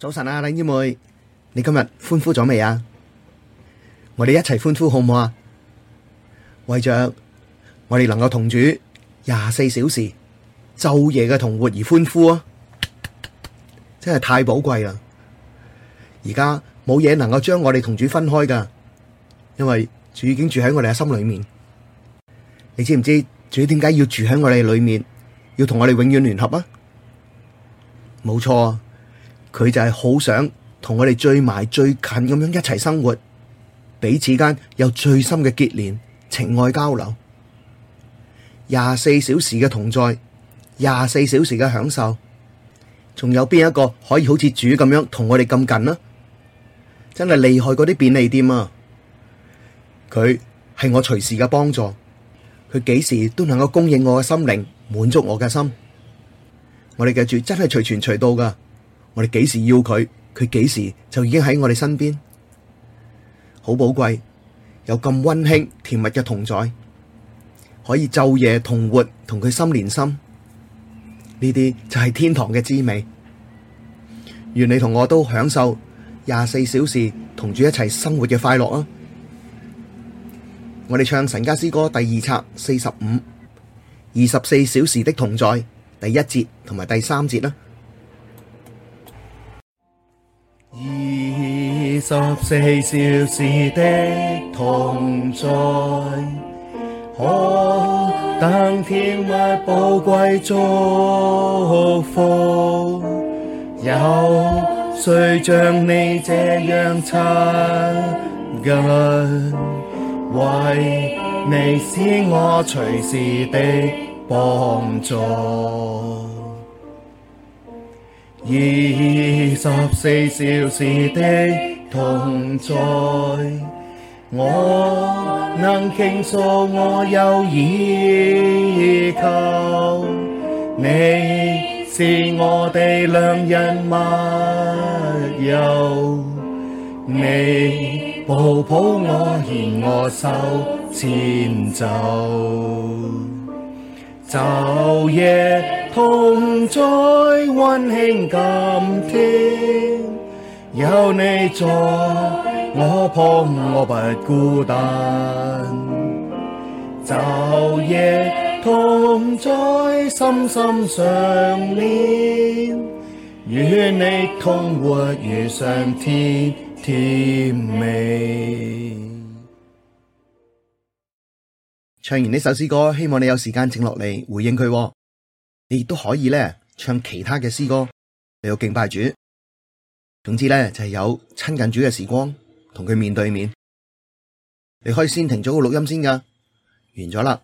早晨啊，林姐妹，你今日歡呼咗未啊？我哋一齊歡呼好唔好啊？為着我哋能夠同主廿四小時晝夜嘅同活而歡呼啊！真係太寶貴啦！而家冇嘢能夠將我哋同主分開噶，因為主已經住喺我哋嘅心裏面。你知唔知主點解要住喺我哋裏面，要同我哋永遠聯合啊？冇錯。佢就係好想同我哋最埋最近咁樣一齊生活，彼此間有最深嘅結連情愛交流，廿四小時嘅同在，廿四小時嘅享受，仲有邊一個可以好似主咁樣同我哋咁近呢？真係厲害！嗰啲便利店啊，佢係我隨時嘅幫助，佢幾時都能夠供應我嘅心靈，滿足我嘅心。我哋記住，真係隨傳隨到㗎。我哋幾時要佢，佢幾時就已經喺我哋身邊，好寶貴，有咁溫馨甜蜜嘅同在，可以晝夜同活，同佢心連心，呢啲就係天堂嘅滋味。願你同我都享受廿四小時同住一齊生活嘅快樂啊！我哋唱《神家詩歌》第二冊四十五、二十四小時的同在第一節同埋第三節啦。二十四小時的同在，何等甜蜜寶貴祝福，有誰像你這樣親近，唯祢是我隨時的幫助。二十四小時的同在，我能傾訴，我有倚靠，你是我的良人密友，你抱抱我牽我手前走，走，晝夜，同在溫馨甘甜，有你在我旁，我不孤單。晝夜同在深深上，心心相連，與你同活預嘗天甜美。唱完呢首詩歌，希望你有時間靜落嚟回應佢。你亦都可以咧唱其他嘅詩歌，你要敬拜主。總之咧就係有親近主嘅時光，同佢面對面。你可以先停咗個錄音先噶，完咗啦，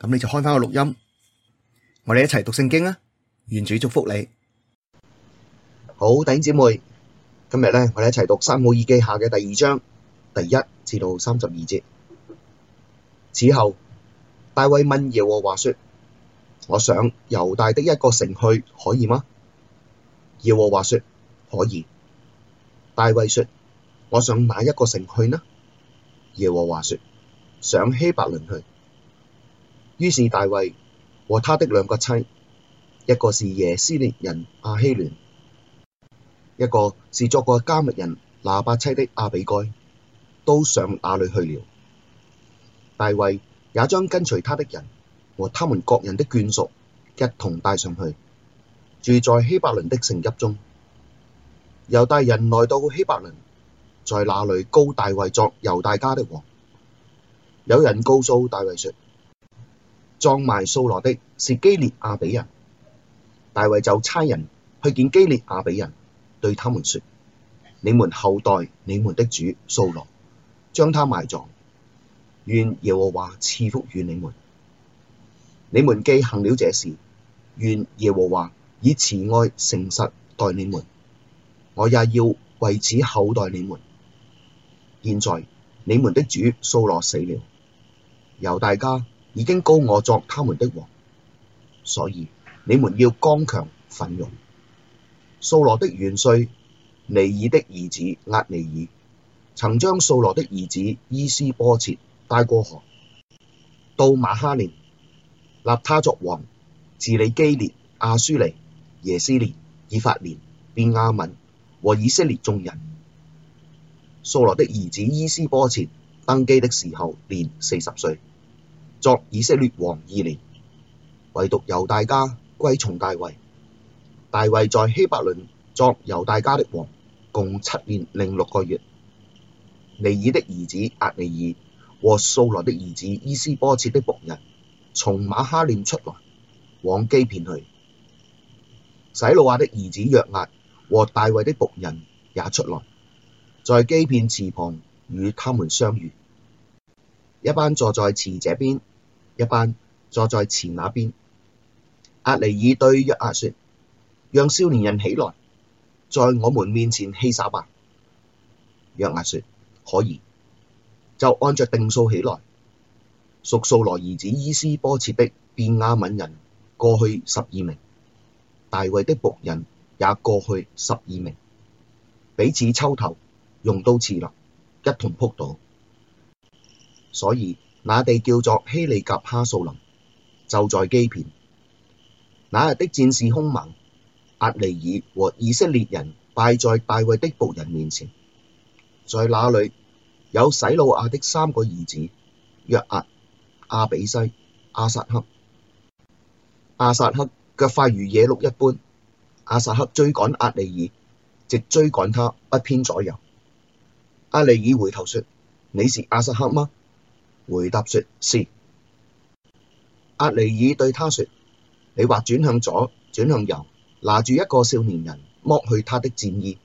咁你就開翻個錄音，我哋一齊讀聖經啊！願主祝福你。好，弟兄姊妹，今日咧我哋一齊讀《撒母耳記》下嘅第二章，第一至到三十二節。此後，大衛問耶和華說：我上猶大的一個城去，可以嗎？耶和華說可以。大衛說：我上哪一個城去呢？耶和華說：上希伯崙去。於是大衛和他的兩個妻，一個是耶斯列人亞希暖，一個是作過迦密人拿八妻的亞比該，都上那裡去了。大衛也將跟隨他的人。和他們各人的眷屬一同帶上去，住在希伯崙的城邑中。猶大人來到希伯崙，在那裏膏大衛作猶大家的王。有人告訴大衛說：葬埋掃羅的是基列雅比人。大衛就差人去見基列雅比人，對他們說：你們厚待，你們的主掃羅，將他埋葬，願耶和華賜福與你們。你們既行了這事，願耶和華以慈愛、誠實待你們。我也要為此厚待你們。現在你們的主掃羅死了，猶大家已經膏我作他們的王，所以你們要剛強奮勇。掃羅的元帥尼珥的兒子押尼珥，曾將掃羅的兒子伊施波設帶過河，到瑪哈念。立他作王，治理基列、亞書利、耶斯列、以法蓮、便雅憫，和以色列眾人。掃羅的兒子伊施波設登基的時候，年四十歲，作以色列王二年。唯獨猶大家歸從大衛。大衛在希伯崙作猶大家的王，共七年零六個月。尼珥的兒子押尼珥和掃羅的兒子伊施波設的僕人。從馬哈念出來往基遍去，洗魯雅的兒子約押和大衛的僕人也出來，在基遍池旁與他們，們相遇。一班坐在池這邊，一班坐在池那邊。押尼珥對約押、啊、說：讓少年人起來，在我們面前戲耍吧。約押、啊、說：可以。就按着定數起來。屬掃羅兒子伊施波設的便雅憫人過去十二名，大衛的僕人也過去十二名，彼此揪頭，用刀刺肋，一同仆倒。所以那地叫做希利甲哈素林，就在基遍。那日的戰事凶猛，押尼珥和以色列人敗在大衛的僕人面前。在那裡有洗魯雅的三個兒子約押。亞比篩、亞撒黑。亞撒黑腳快如野鹿一般。亞撒黑追趕押尼珥，直追趕他不偏左右。押尼珥回頭說：你是亞撒黑嗎？回答說是。押尼珥對他說：你或轉向左，轉向右，拿住一個少年人，剝去他的戰衣。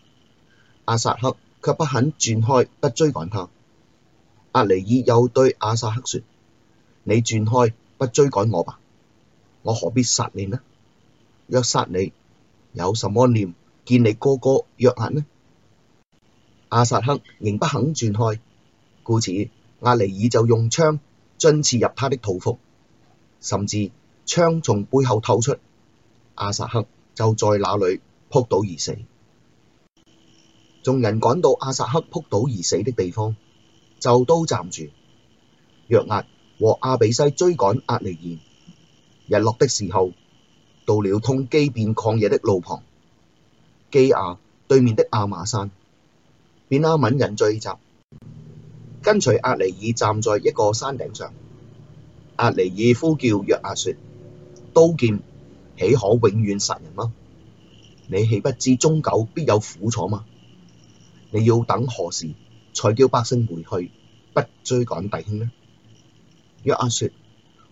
亞撒黑卻不肯轉開，不追趕他。押尼珥又對亞撒黑說：你轉開，不追趕我吧，我何必殺你呢？若殺你，有什麼臉見你哥哥約押呢？亞撒黑仍不肯轉開，故此押尼珥就用槍鐏刺入他的肚腹，甚至槍從背後透出，亞撒黑就在那裏仆倒而死。眾人趕到亞撒黑仆倒而死的地方，就都站住。約押和亞比篩追趕押尼珥，日落的時候，到了通基遍曠野的路旁，基亞對面的亞瑪山，便雅憫人聚集，跟隨押尼珥站在一個山頂上。押尼珥呼叫約押說：刀劍豈可永遠殺人嗎？你豈不知終久必有苦楚嗎？你要等何時才叫百姓回去不追趕弟兄呢？約押說：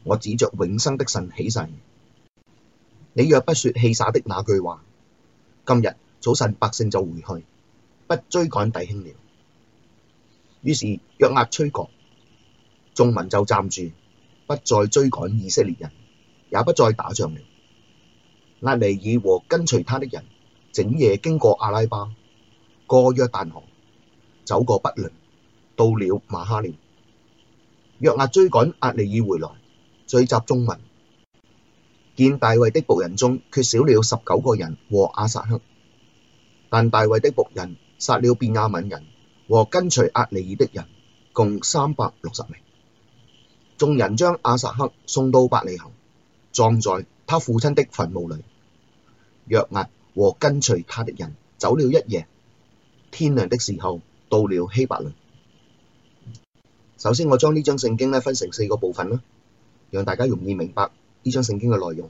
我指着永生的神起誓，你若不說戲耍的那句話，今日早晨百姓就回去，不追趕弟兄了。於是約押吹角，眾民就站住，不再追趕以色列人，也不再打仗了。押尼珥和跟隨他的人整夜經過亞拉巴，過約旦河，走過畢倫，到了瑪哈念。約押追趕押尼珥回來，聚集眾民，見大衛的僕人中缺少了十九個人和亞撒黑。但大衛的僕人殺了便雅憫人和跟隨押尼珥的人，共三百六十名。眾人將亞撒黑送到伯利恆，葬在他父親的墳墓裡。約押和跟隨他的人走了一夜，天亮的時候到了希伯崙。首先，我將呢張聖經呢分成四個部分啦，讓大家容易明白呢張聖經嘅內容。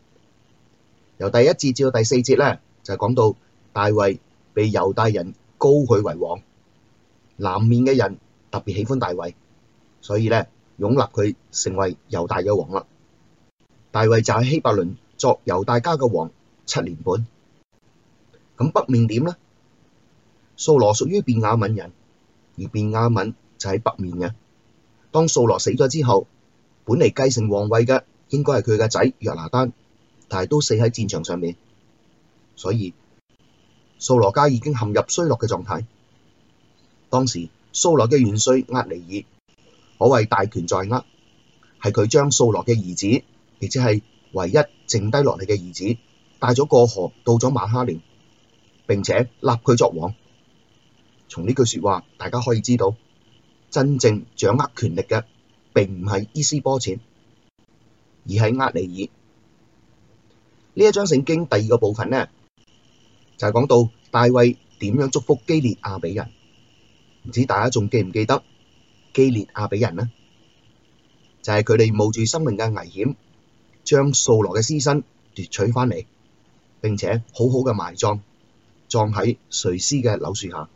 由第一節至到第四節呢就係講到大衛被猶大人膏佢為王，南面嘅人特別喜歡大衛，所以呢擁立佢成為猶大嘅王啦。大衛就喺希伯倫作猶大家嘅王七年半。咁北面點呢？掃羅屬於便雅憫人，而便雅憫就喺北面嘅。當掃羅死咗之後，本嚟繼承皇位嘅應該係佢嘅仔約拿單，但係都死喺戰場上面，所以掃羅家已經陷入衰落嘅狀態。當時掃羅嘅元帥押尼珥可謂大權在握，係佢將掃羅嘅兒子，亦即係唯一剩低落嚟嘅兒子帶咗過河到咗瑪哈念，並且立佢作王。從呢句說話，大家可以知道。真正掌握權力嘅並唔係伊施波設，而係押尼珥。呢一章聖經第二個部分咧，就係講到大衛點樣祝福基列雅比人。唔知大家仲記唔記得基列雅比人咧？就係佢哋冒住生命嘅危險，將掃羅嘅屍身奪取翻嚟，並且好好嘅埋葬，葬喺垂絲嘅柳樹下。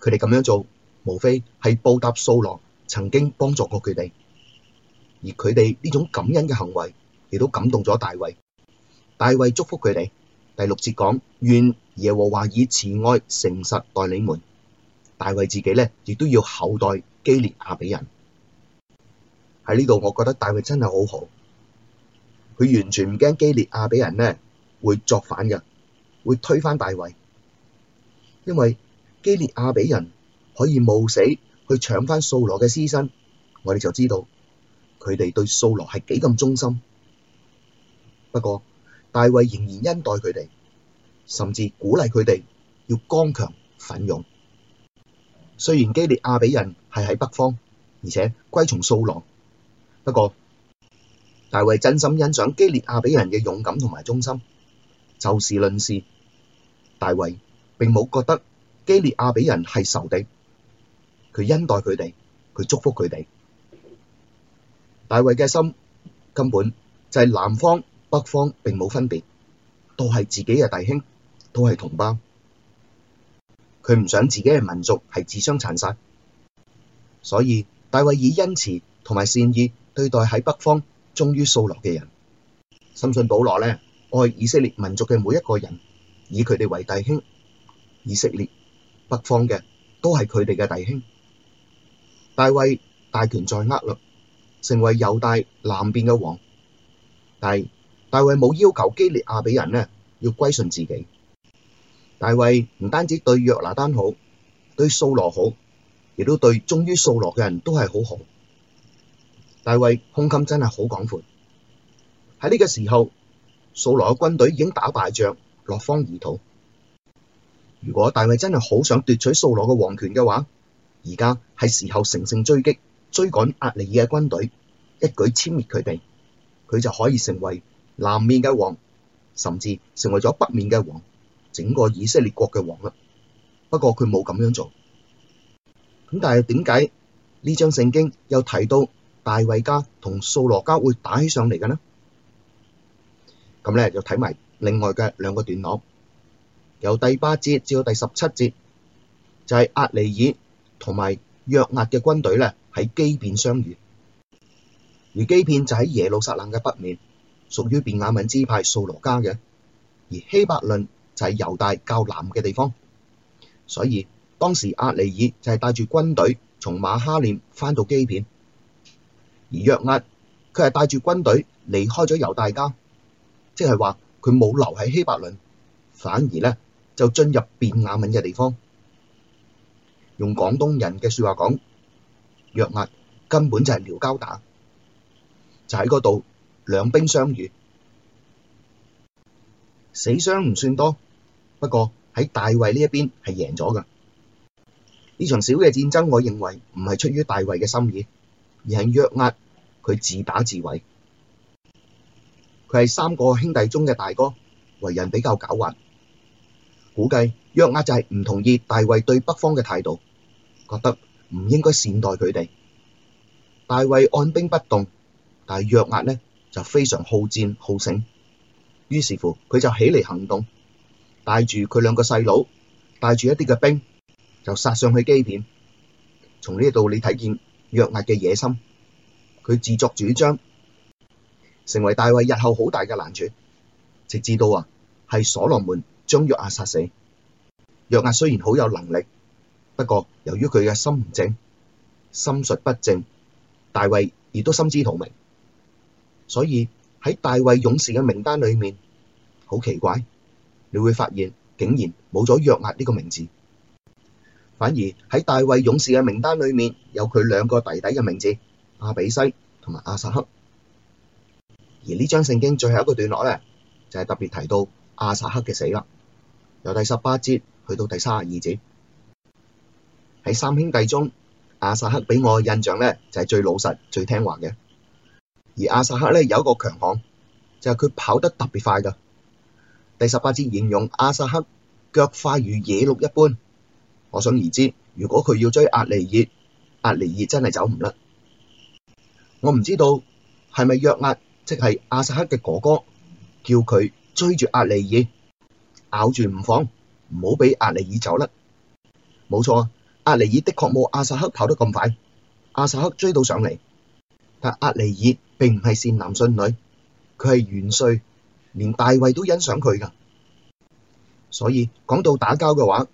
佢哋咁樣做。無非係報答掃羅曾經幫助過佢哋，而佢哋呢種感恩嘅行為，亦都感動咗大衛。大衛祝福佢哋。第六節講，願耶和華以慈愛、誠實待你們。大衛自己呢亦都要厚待基列雅比人。喺呢度，我覺得大衛真係好好，佢完全唔驚基列雅比人呢會作反嘅，會推翻大衛，因為基列雅比人。可以冒死去搶翻掃羅嘅屍身，我哋就知道佢哋對掃羅係幾咁忠心。不過大衛仍然恩待佢哋，甚至鼓勵佢哋要剛強奮勇。雖然基列雅比人係喺北方，而且歸從掃羅，不過大衛真心欣賞基列雅比人嘅勇敢同埋忠心。就事論事，大衛並冇覺得基列雅比人係仇敵。佢恩待佢哋，佢祝福佢哋。大衛嘅心根本就係南方、北方並冇分別，都係自己嘅弟兄，都係同胞。佢唔想自己嘅民族係自相殘殺，所以大衛以恩慈同埋善意對待喺北方忠於掃羅嘅人。深信保羅咧愛以色列民族嘅每一個人，以佢哋為弟兄。以色列北方嘅都係佢哋嘅弟兄。大衛大權在握啦，成為猶大南邊嘅王。但係大衛冇要求基列雅比人呢要歸順自己。大衛唔單止對約拿單好，對掃羅好，亦都對忠於掃羅嘅人都係好好。大衛胸襟真係好廣闊。喺呢個時候，掃羅嘅軍隊已經打敗仗，落荒而逃。如果大衛真係好想奪取掃羅嘅王權嘅話，而家係時候乘勝追擊，追趕押尼珥嘅軍隊，一舉殲滅佢哋，佢就可以成為南面嘅王，甚至成為咗北面嘅王，整個以色列國嘅王啦。不過佢冇咁樣做。咁但係點解呢張聖經又提到大衛家同掃羅家會打起上嚟嘅呢？咁咧就睇埋另外嘅兩個段落，由第八節至到第十七節，就係、是、押尼珥。同埋約押嘅軍隊咧喺基遍相遇，而基遍就喺耶路撒冷嘅北面，屬於便雅憫支派掃羅家嘅。而希伯崙就係猶大較南嘅地方，所以當時押尼珥就係帶住軍隊從馬哈念翻到基遍，而約押佢係帶住軍隊離開咗猶大家，即係話佢冇留喺希伯崙，反而呢就進入便雅憫嘅地方。用廣東人嘅説話講，約押根本就係撩交打，就喺嗰度兩兵相遇，死傷唔算多，不過喺大衛呢一邊係贏咗㗎。呢場小嘅戰爭，我認為唔係出於大衛嘅心意，而係約押佢自打自毀。佢係三個兄弟中嘅大哥，為人比較狡猾，估計約押就係唔同意大衛對北方嘅態度。覺得唔應該善待佢哋，大衛按兵不動，但係約押呢就非常好戰好勝，於是乎佢就起嚟行動，帶住佢兩個細佬，帶住一啲嘅兵，就殺上去基遍。從呢度你睇見約押嘅野心，佢自作主張，成為大衛日後好大嘅難處，直至到啊係所羅門將約押殺死。約押雖然好有能力。不過由於佢嘅心唔正、心術不正，大衛亦都心知肚明，所以喺大衛勇士嘅名單裏面，好奇怪，你會發現竟然冇咗約押呢個名字，反而喺大衛勇士嘅名單裏面有佢兩個弟弟嘅名字，亞比篩同埋亞撒黑。而呢張聖經最後一個段落咧，就係特別提到亞撒黑嘅死啦，由第十八節去到第三十二節。喺三兄弟中，亞撒黑俾我印象咧就係、是、最老實、最聽話嘅。而亞撒黑咧有一個強項，就係、是、佢跑得特別快噶。第十八節形容亞撒黑腳快如野鹿一般。可想而知，如果佢要追押尼珥，押尼珥真係走唔甩。我唔知道係咪約押即係亞撒黑嘅哥哥叫佢追住押尼珥咬住唔放，唔好俾押尼珥走甩。冇錯。阿尼珥的確冇亞撒黑跑得咁快，亞撒黑追到上嚟，但阿尼珥並唔係善男信女，佢係元帥，連大衛都欣賞佢㗎，所以講到打交嘅話，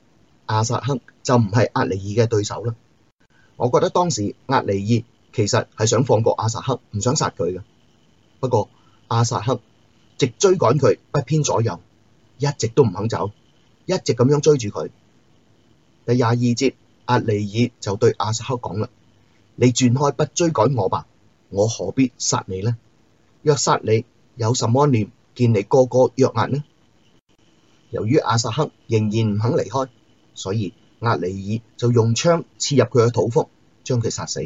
亞撒黑就唔係阿尼珥嘅對手啦。我覺得當時阿尼珥其實係想放過亞撒黑，唔想殺佢嘅，不過亞撒黑直追趕佢，不偏左右，一直都唔肯走，一直咁樣追住佢。第廿二節。押尼珥就對亞撒黑講啦：你轉開不追趕我吧，我何必殺你呢？若殺你，有什麼臉見你個個約押呢？由於亞撒黑仍然唔肯離開，所以押尼珥就用槍刺入佢嘅肚腹，將佢殺死。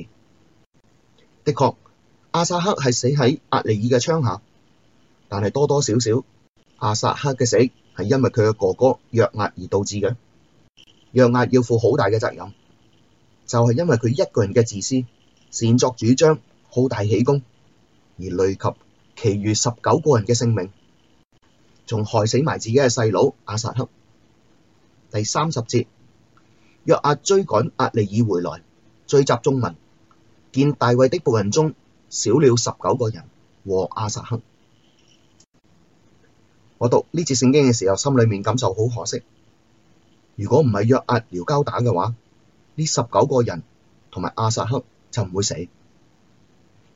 的確，亞撒黑係死喺押尼珥嘅槍下，但係多多少少，亞撒黑嘅死係因為佢嘅哥哥約押而導致嘅。約押要負好大嘅責任，就係、是、因為佢一個人嘅自私、擅作主張、好大喜功，而累及其餘十九個人嘅性命，仲害死埋自己嘅細佬亞撒黑。第三十節，約押追趕押尼珥回來，聚集眾民，見大衛的僕人中少了十九個人和亞撒黑。我讀呢節聖經嘅時候，心裏面感受好可惜。如果唔係約押撩交打嘅話，呢十九個人同埋亞撒黑就唔會死。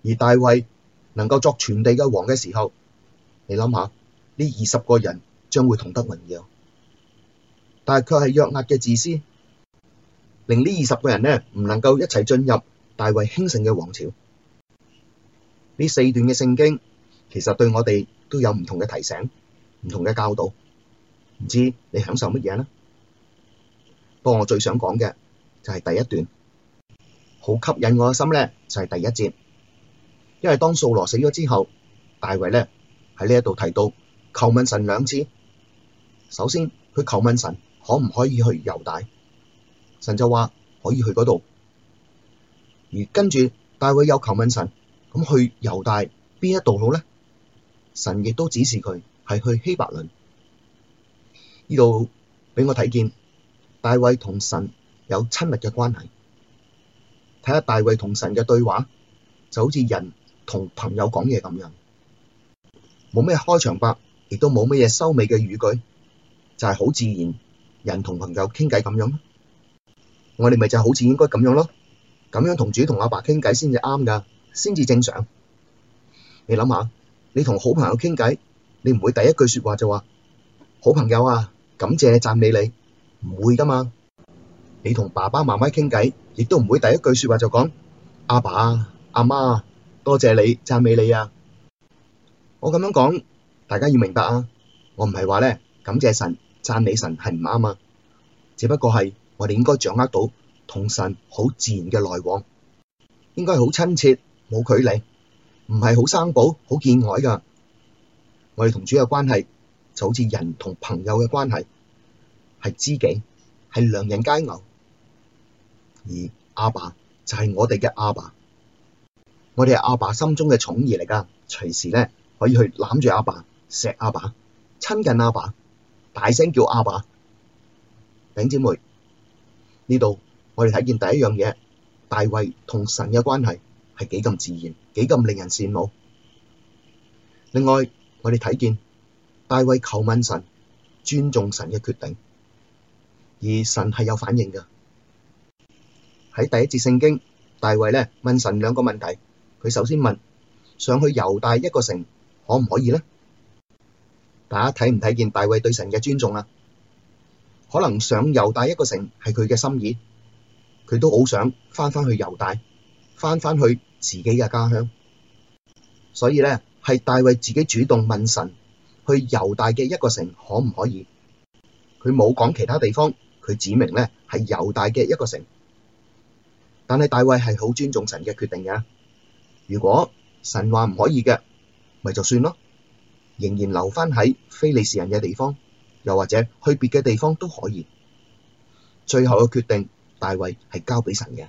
而大衛能夠作全地嘅王嘅時候，你諗下呢二十個人將會同得榮耀。但係卻係約押嘅自私，令呢二十個人呢唔能夠一齊進入大衛興盛嘅王朝。呢四段嘅聖經其實對我哋都有唔同嘅提醒，唔同嘅教導。唔知你享受乜嘢呢？個我最想講嘅就係第一段，好吸引我嘅心咧，就係第一節，因為當掃羅死咗之後，大衛咧喺呢一度提到求問神兩次，首先佢求問神可唔可以去猶大，神就話可以去嗰度，而跟住大衛又求問神咁去猶大邊一度好咧，神亦都指示佢係去希伯崙呢度畀我睇見。大衛同神有親密嘅關係，睇下大衛同神嘅對話，就好似人同朋友講嘢咁樣，冇咩開場白，亦都冇咩嘢收尾嘅語句，就係好自然，人同朋友傾偈咁樣啦。我哋咪就好似應該咁樣咯，咁樣同主同阿爸傾偈先至啱噶，先至正常。你諗下，你同好朋友傾偈，你唔會第一句說話就話，好朋友啊，感謝讚美你。唔會噶嘛，你同爸爸媽媽傾偈，亦都唔會第一句說話就講阿爸阿媽，多謝你讚美你啊。我咁樣講，大家要明白啊。我唔係話咧，感謝神讚美神係唔啱啊，只不過係我哋應該掌握到同神好自然嘅來往，應該好親切，冇距離，唔係好生保好見外噶。我哋同主有關係就好似人同朋友嘅關係。係知己，係良人佳偶。而阿爸就係我哋嘅阿爸，我哋係阿爸心中嘅寵兒嚟噶，隨時咧可以去攬住阿爸，錫阿爸，親近阿爸，大聲叫阿爸。弟兄姊妹，呢度我哋睇見第一樣嘢，大衛同神嘅關係係幾咁自然，幾咁令人羨慕。另外我哋睇見大衛叩問神，尊重神嘅決定。而神係有反應嘅，喺第一節聖經，大衛咧問神兩個問題，佢首先問上去猶大一個城可唔可以咧？大家睇唔睇見大衛對神嘅尊重啊？可能上猶大一個城係佢嘅心意，佢都好想翻返去猶大，翻返去自己嘅家鄉，所以咧係大衛自己主動問神去猶大嘅一個城可唔可以？佢冇講其他地方。佢指明咧係猶大嘅一個城，但係大衛係好尊重神嘅決定嘅。如果神話唔可以嘅，咪就算咯，仍然留翻喺非利士人嘅地方，又或者去別嘅地方都可以。最後嘅決定，大衛係交俾神嘅。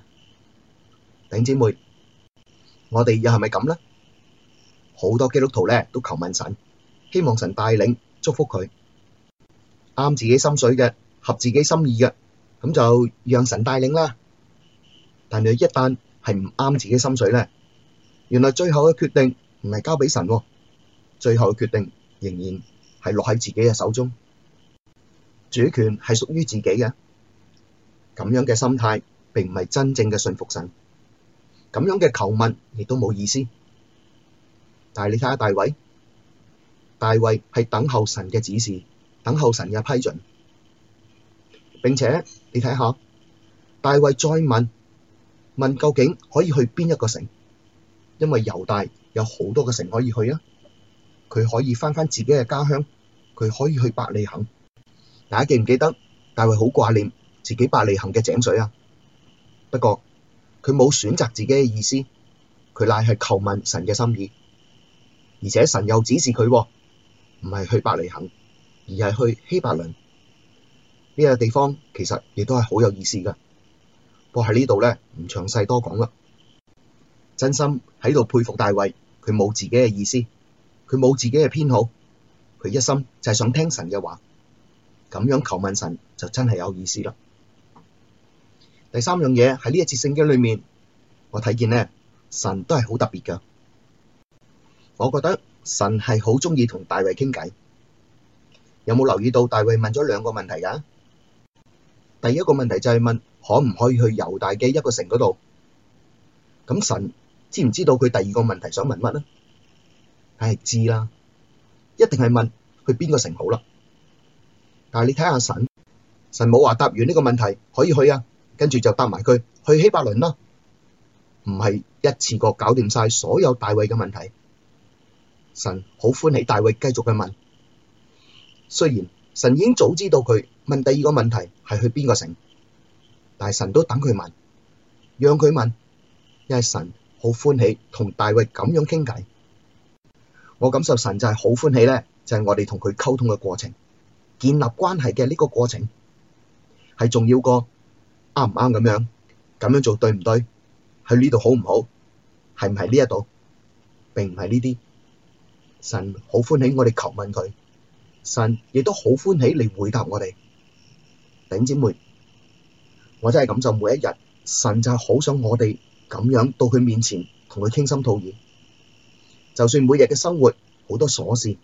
頂姐妹，我哋又係咪咁咧？好多基督徒咧都求問神，希望神帶領祝福佢啱自己心水嘅。合自己心意嘅，咁就讓神帶領啦。但係一旦係唔啱自己心水咧，原來最後嘅決定唔係交俾神，最後嘅決定仍然係落喺自己嘅手中，主權係屬於自己嘅。咁樣嘅心態並唔係真正嘅信服神，咁樣嘅求問亦都冇意思。但係你睇下大衛，大衛係等候神嘅指示，等候神嘅批准。並且你睇下，大衛再問問究竟可以去邊一個城？因為猶大有好多個城可以去啊。佢可以翻返自己嘅家鄉，佢可以去伯利恆。大家記唔記得大衛好掛念自己伯利恆嘅井水啊？不過佢冇選擇自己嘅意思，佢乃係求問神嘅心意。而且神又指示佢，唔係去伯利恆，而係去希伯倫。呢個地方其實亦都係好有意思嘅，不過喺呢度咧唔詳細多講啦。真心喺度佩服大衛，佢冇自己嘅意思，佢冇自己嘅偏好，佢一心就係想聽神嘅話，咁樣求問神就真係有意思啦。第三樣嘢喺呢一次聖經裏面，我睇見咧神都係好特別噶，我覺得神係好鍾意同大衛傾偈。有冇留意到大衛問咗兩個問題噶？第一個問題就係問可唔可以去猶大嘅一個城嗰度。咁神知唔知道佢第二個問題想問乜呢？梗係知啦，一定係問去邊個城好啦。但係你睇下神，神冇話答完呢個問題可以去啊，跟住就答埋佢去希伯倫啦。唔係一次過搞掂晒所有大衛嘅問題。神好歡喜大衛繼續去問，雖然神已經早知道佢。問第二個問題係去邊個城，但係神都等佢問，讓佢問，因為神好歡喜同大衛咁樣傾偈。我感受神就係好歡喜咧，就係我哋同佢溝通嘅過程，建立關係嘅呢個過程係重要過啱唔啱咁樣，咁樣做對唔對，喺呢度好唔好，係唔係呢一度，並唔係呢啲。神好歡喜我哋求問佢，神亦都好歡喜嚟回答我哋。頂姐妹，我真係感受每一日，神就係好想我哋咁樣到佢面前同佢傾心吐意。就算每日嘅生活好多瑣事，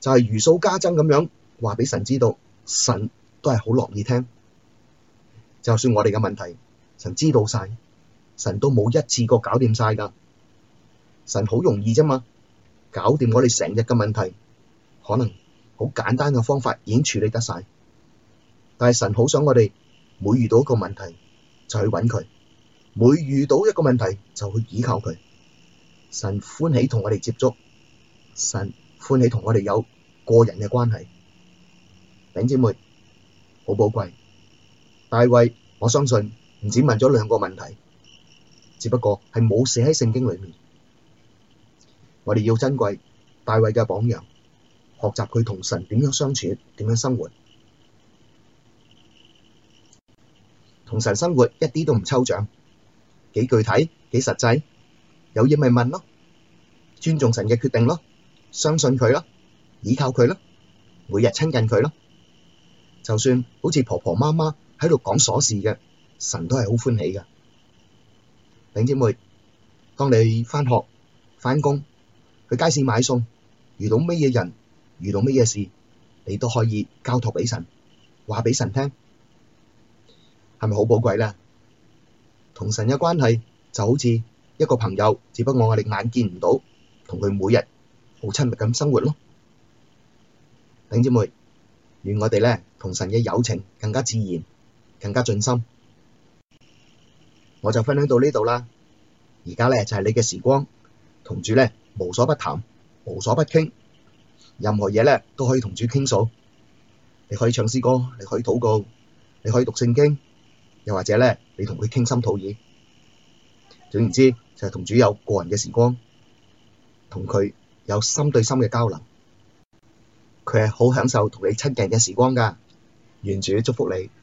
就係如數家珍咁樣話俾神知道，神都係好樂意聽。就算我哋嘅問題，神知道晒，神都冇一次過搞掂晒噶。神好容易啫嘛，搞掂我哋成日嘅問題，可能好簡單嘅方法已經處理得晒。但係神好想我哋每遇到一個問題就去揾佢，每遇到一個問題就去倚靠佢。神歡喜同我哋接觸，神歡喜同我哋有個人嘅關係。弟兄姊妹，好寶貴。大衛我相信唔止問咗兩個問題，只不過係冇寫喺聖經裏面。我哋要珍貴大衛嘅榜樣，學習佢同神點樣相處，點樣生活。同神生活一啲都唔抽象，幾具體幾實際，有嘢咪問咯，尊重神嘅決定咯，相信佢咯，依靠佢咯，每日親近佢咯，就算好似婆婆媽媽喺度講瑣事嘅，神都係好歡喜噶。兩姐妹，當你返學、返工、去街市買餸，遇到乜嘢人、遇到乜嘢事，你都可以交託俾神，話俾神聽。係咪好寶貴咧？同神嘅關係就好似一個朋友，只不過我哋眼見唔到，同佢每日好親密咁生活咯。弟兄姊妹，願我哋咧同神嘅友情更加自然，更加盡心。我就分享到呢度啦。而家咧就係、是、你嘅時光，同主咧無所不談，無所不傾，任何嘢咧都可以同主傾訴。你可以唱詩歌，你可以禱告，你可以讀聖經。又或者咧，你同佢傾心吐意，總言之就係同主有個人嘅時光，同佢有心對心嘅交流，佢係好享受同你親近嘅時光㗎。願主祝福你。